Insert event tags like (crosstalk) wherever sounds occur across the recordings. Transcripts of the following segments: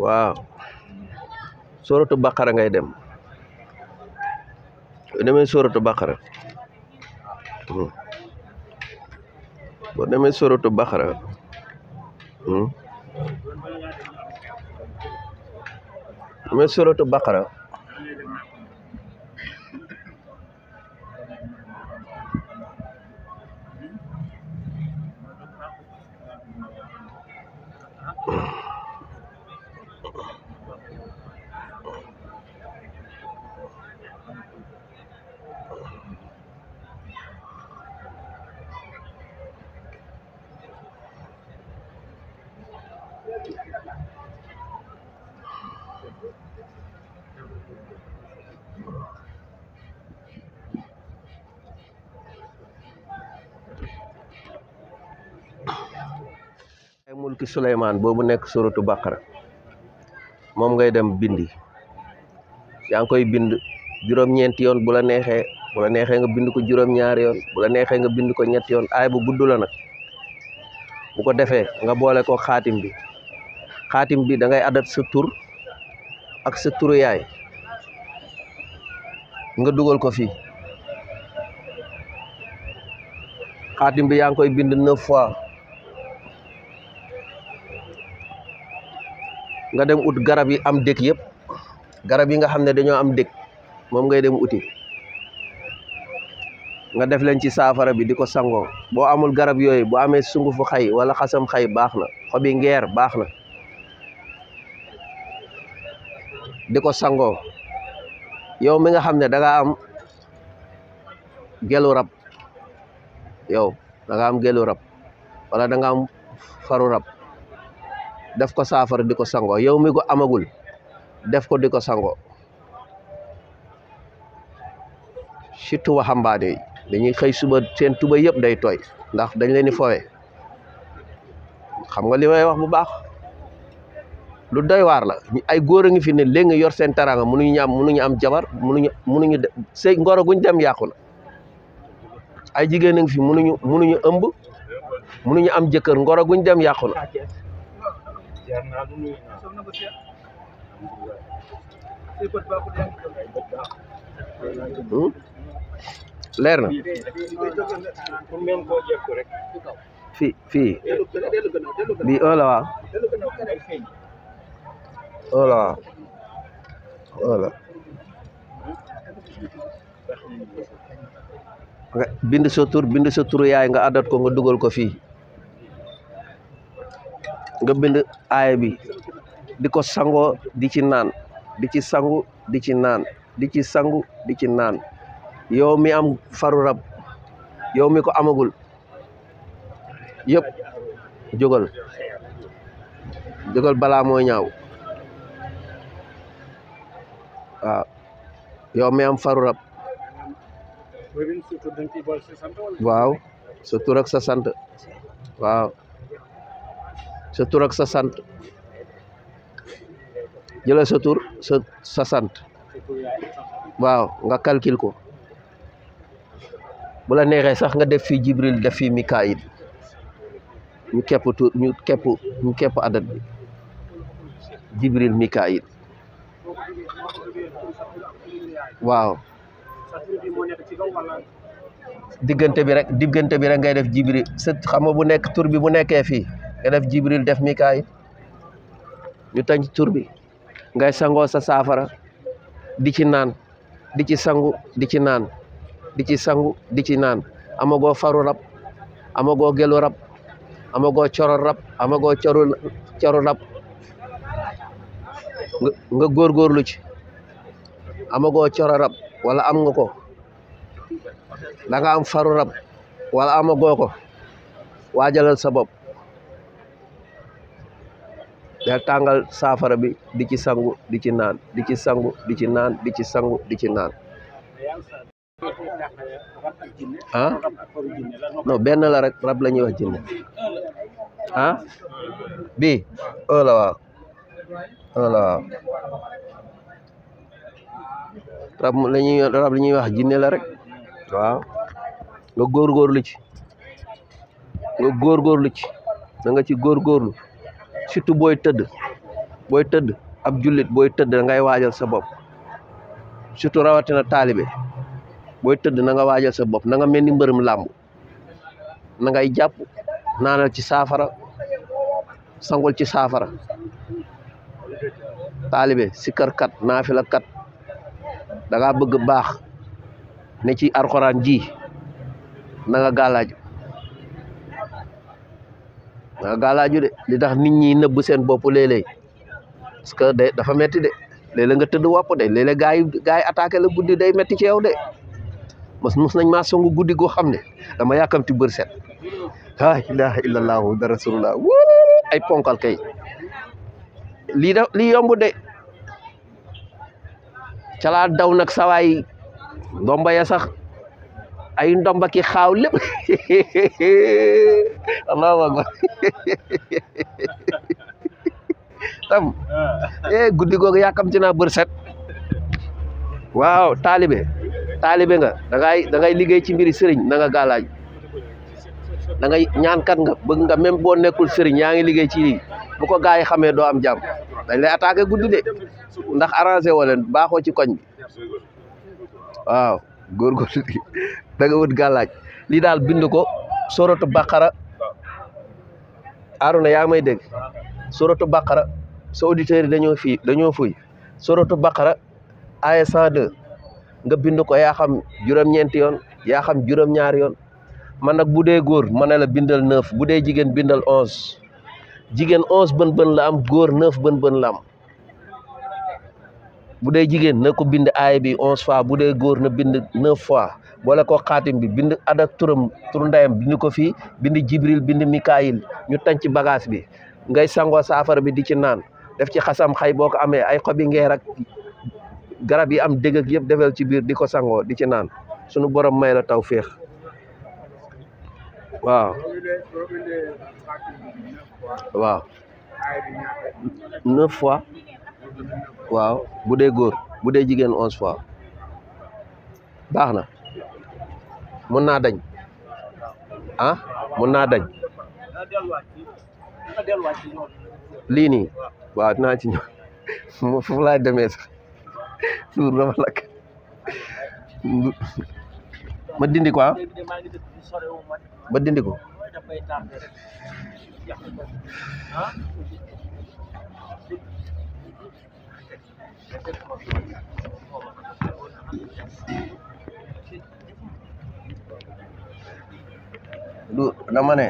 Wow. suratu baqara ngay ya, dem demee suratu baqara hmm. boo demee suratu baqara demee hmm. suratu baqara Oh. Hmm. ay mulki Sulaiman, bobu nek suratu baqara mom ngay dem bindi yang koy bind jurom ñent yon bula nexé bula nexé nga bind ko jurom ñaar yon bula nexé nga bind ko ñet yon ay bu gudd la bu ko defé nga bolé ko khatim bi khatim bi da ngay adat sa tour ak sa turu yaay nga duggal ko fi khatim bi yang koy bind 9 fois nga dem ut garab yi am dëkk yëpp garab yi nga xam ne dañoo am dëkk moom ngay dem uti nga def leen ci saafara bi di ko sangoo boo amul garab yooyu boo amee sungufu xay wala xasam xay baax na xobi ngeer baax na di ko sangoo yow mi nga xam ne da am gelu rab yow da am gelu rab wala da am faru rab def ko saafara di ko sango yow mi ko amagul def ko di ko sango surtout waxambaane yi dañuy xëy suba seen tuba yëpp day tooy ndax dañ leen di fowe xam nga li may wax bu baax lu doy waar la ay góor a ngi fi ne léegi yor seen taraanga munuñu am munuñu am jabar munuñu munuñu sëy ngoro guñ dem yàqu la ay jigéen a ngi fi munuñu munuñu ëmb munuñu am jëkkër ngoro guñ dem yàqu na ziar naa lu nuyu naa. soxna ko ziar. leer na. fii fii. bii oo la waaw. oo la tur bind sa turu yaay nga adat ko nga dugal ko fii. nga bind bi di ko sangoo di ci naan di ci sangu di ci naan di ci sangu di ci naan yow mi am faru rab yow mi ko amagul yep jogal jogal bala nyau, ñaaw wa yow mi am faru rab waaw sa wow. sa wow sutur ak sa sant jëlal wow tur sant waaw nga calcul ko bula la sax nga def fi jibril def fi mikail ñu kepp ñu kepp ñu kepp adat bi jibril mikail waaw digënté bi rek digënté bi rek ngay def jibril sa xam nga bu nek tour bi bu nekké fi nga def jibril def mikaayil ñu ci tour bi ngay sango sa safara di ci nan di ci sangu di ci nan di ci sangu di ci nan amago faru rab amago gelu rab amago choro rab amago coru coru rab nga lu ci amago choro rab wala am nga ko da nga am faru rab wala amago ko wajalal sa bop da tanggal safara bi di ci sangu di ci nan di ci sangu di ci nan di ci sangu di ci nan ah no ben la rek rab lañuy wax jinne ah bi o oh oh la wa o la rab lañuy rab lañuy wax jinne la rek wa nga lu ci nga lu ci nga ci lu Situ boy teud boy teud ab julit boy teud ngay wajal sa situ rawati rawatina talibé boy teud na nga wajal sa bop na nga melni mbeureum lamb na ngay japp nanal ci safara sangol ci saafara taalibe sikkarkat naafila kat da nga bëgg baax ne ci alcorane ji na nga waaw ju de li tax nit ñi neub seen bop lele parce que day dafa metti de léeg-léeg nga teud wop de léeg le gaay yi gaa day metti ci yow de mas mus nañ ma songu guddii go xamne ne dama yàkkamti beur set la ilaha illallahu da rasulullah ay ponkal kay li da domba yomb de calaa daw nak saway ndomba ya sax ay ndomba ki xaw lepp (laughs) allahu akbar (laughs) tam ah. eh guddi googu yàkkamti naa bër set waaw taalibe taalibe nga da ngay liggéey ci mbiri sëriñ na nga gàllaaj da ngay nga bëgg nga même boo nekkul sëriñ yaa ngi liggéey ci bu ko gaa yi xamee doo am jàmm dañ lay attaqué guddi de ndax arrangé woo leen baaxoo ci koñ bi waaw góorgóorlu da wut gàllaaj lii daal bind ko soratu Arona yaa may dégg suratu Baqara sa auditeurs yi dañoo fii dañoo fuy suratu Baqara aya nga bind ko yaa xam juróom-ñeenti yoon yaa xam juróom-ñaari yoon man nag bu dee góor ma ne la bindal 9 bu dee jigéen bindal 11 jigéen 11 bën-bën la am góor 9 bën-bën lam am bu dee jigéen na ko bind aaya bi 11 fois bu dee góor na bind 9 fois. boole ko xaatim bi bind ada ak turam turu ndeyam bind ko fi bind jibril bind mikayil ñu tànc bagaas bi ngay sangoo saafara bi di ci naan def ci xasam xay boo ko amee ay xobi ngeer ak garab yi am dégg yëpp defal ci biir di ko sangoo di ci naan sunu borom may la taw feex waaw waaw neuf fois waaw bu dee góor bu dee jigéen onze fois baax na mun naa dañ ah mun naa dañ lii nii waaw dinaa ci ñëw foofu laa demee sax suur dama lakk ma dindi ko ah ma dindi ko lu nama ne?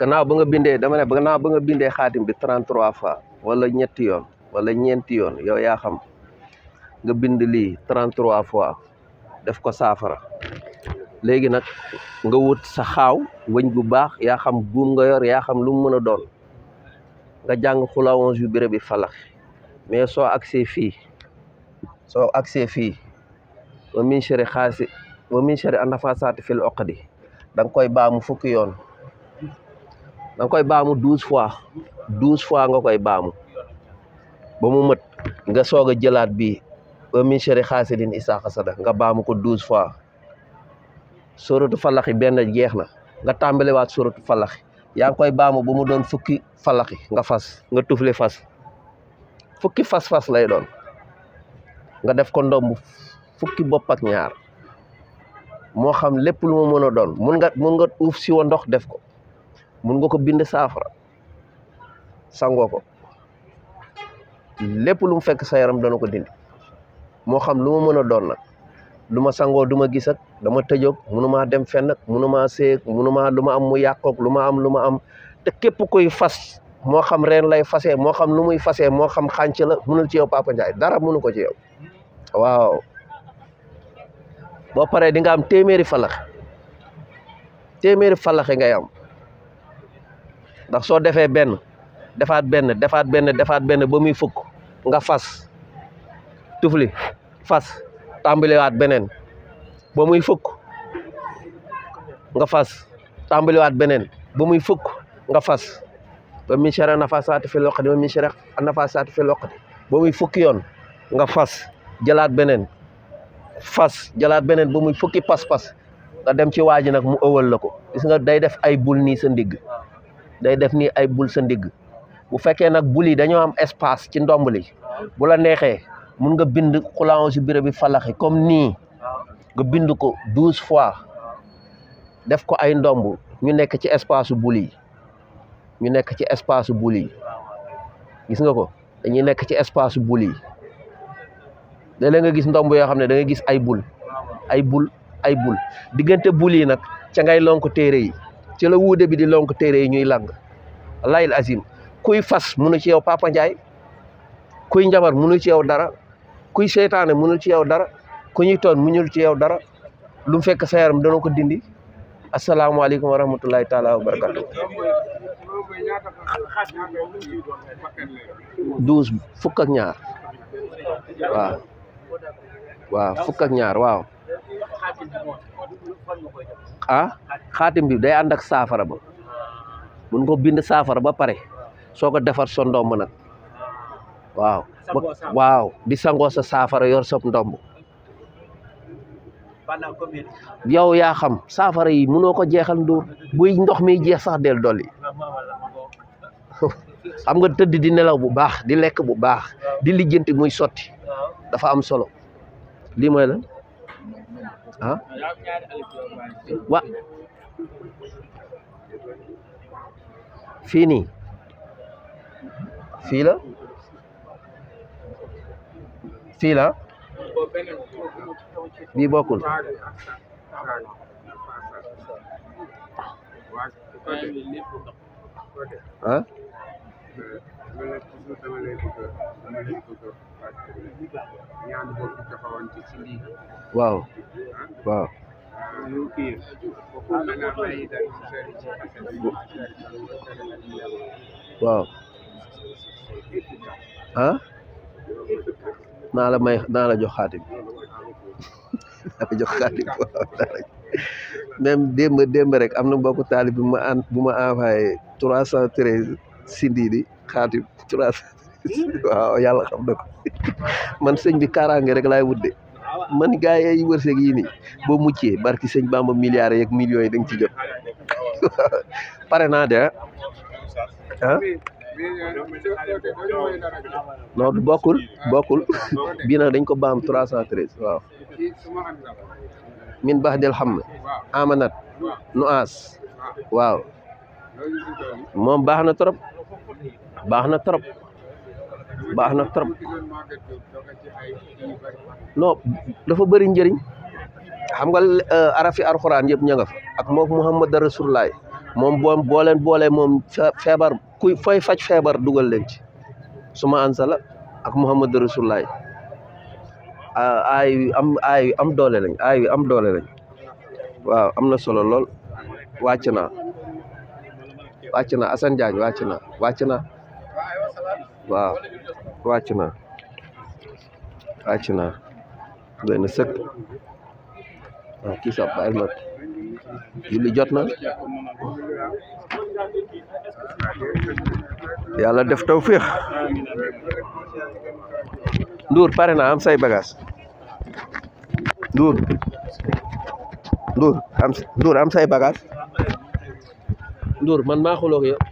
gannaaw ba nga bindee dama ne gannaaw ba nga bindee bi 33 fois wala ñetti yoon wala ñeenti yoon yow yaa xam nga bind lii 33 fois def ko saafara léegi nag nga wut sa xaaw wëñ bu baax yaa xam buum nga yor yaa xam lu mu mën a doon nga jàng xula onze yu béré bi falax mais soo agsee fii soo agsee fii wa min shari xaasi wa min shari anafasaati fil oqdi da nga koy baamu fukki yoon da koy baamu 12 fois 12 fois nga koy baamu ba mu nga soga jelat bi ba min sharri khasidin kasada xasada nga baamu ko 12 fois suratu falaxi ben jeexna na tambale wat suratu falaxi yaa koy baamu ba mu fukki falaxi nga fas nga tufli fas fukki fas-fas lay don, nga def ko ndom fukki bop ak ñaar mo xam lepp lu mu meuna don mun nga mun nga uuf ci wo ndox def ko mën nga ko bind saafara sangoo ko lépp lu mu fekk sa yaram dana ko dindi moo xam lu ma mën a doon nag lu ma sangoo du gis ak dama tëjoog dem fenn ak munumaa seek, munumaa lu ma am mu yàqoog lu ma am lu ma am te képp koy fas moo xam reen lay fasee moo xam lu muy fasee moo xam xànc la munul ci yow Papa Ndiaye dara munu ko ci yow waaw boo paree di nga am téeméeri falax téeméeri falaxe ngay am ndax so defé ben defaat ben defaat ben defaat ben ba muy fukk nga fas tufli fas wat benen ba muy fukk nga fas wat benen ba muy fukk nga fas ba min shara nafasat fi uqad ba min sharri nafasaati benen, ba muy fukki yon nga fas jëlaat benen fas jëlaat benen ba muy fukki pas-pas da dem ci waji nak mu lako gis nga day def ay bul sa ndig day def ni ay bul sa ndigg bu fekkee nag bul yi dañoo am espace ci ndomb li bu la neexee mun nga bind xulaaw si biro bi falaxi comme nii nga bind ko douze fois def ko ay ndomb ñu nekk ci espace bul yi ñu nekk ci espace bul yi gis nga ko dañuy nekk ci espace bul yi léeg nga gis ndomb yoo xam ne da gis ay bul ay bul ay bul diggante bul yi nag ca ngay lonk téere yi ci la wude bi di lonk téré ñuy lang azim kuy fas munu ci yow papa njaay kuy njabar munu ci yow dara kuy seytaane munu ci yow dara ku ñuy toon munul ci yow dara lu mu fekk sa da ko dindi alaykum wa rahmatullahi taala wa barakatuh ak ñaar waaw waaw ak ah khatim bi day andak safara ba mun ko bind safara ba pare soko défar so ndom nak nag waaw waaw di sango sa safara yor sa ndom yow ya xam safara yi mëno ko jéxal ndóor buy ndox mi jé sax del doli (laughs) xam nga teud di nelaw bu baax di lek bu baax di lijeenti muy soti dafa am solo li moy lan Wa. Fini. Fila, Fila. Bi bokul. Ha? Wow. Wow. Wow. Hah? bëgg may dal ah may jox xaatim naa jox xaatim même démb rek an bu di xaatim trois waaw yàlla xam na ko man sëñ bi kaaraange rek laay wut man gaa yi wërsëg yii nii boo muccee barki sëñ Bamba milliards yeeg millions yi da nga ci jot pare naa de ah non dañ ko 313 waaw min Bah del xam amanat nuas waaw moom na trop baax na trop baax na trop non dafa bëri njëriñ xam nga euh, arafi alxuraan yëpp ña nga fa ak moom Muhammad Rasulullah moom boom boo boolee moom feebar kuy fay faj feebar dugal leen ci suma ansala ak Muhammad Rasulullah aay am aay am doole lañ aay am doole lañ waaw am na solo lool wàcc naa wàcc naa Assane Diagne wàcc naa wàcc naa Va, Vacina. Vacina. benn sëkk waaw ah, kii sax bàyyil ma julli jot na yàlla ya def taw féex nduur pare na am say bagage nduur nduur am nduur am say bagage nduur man maa xuloog yow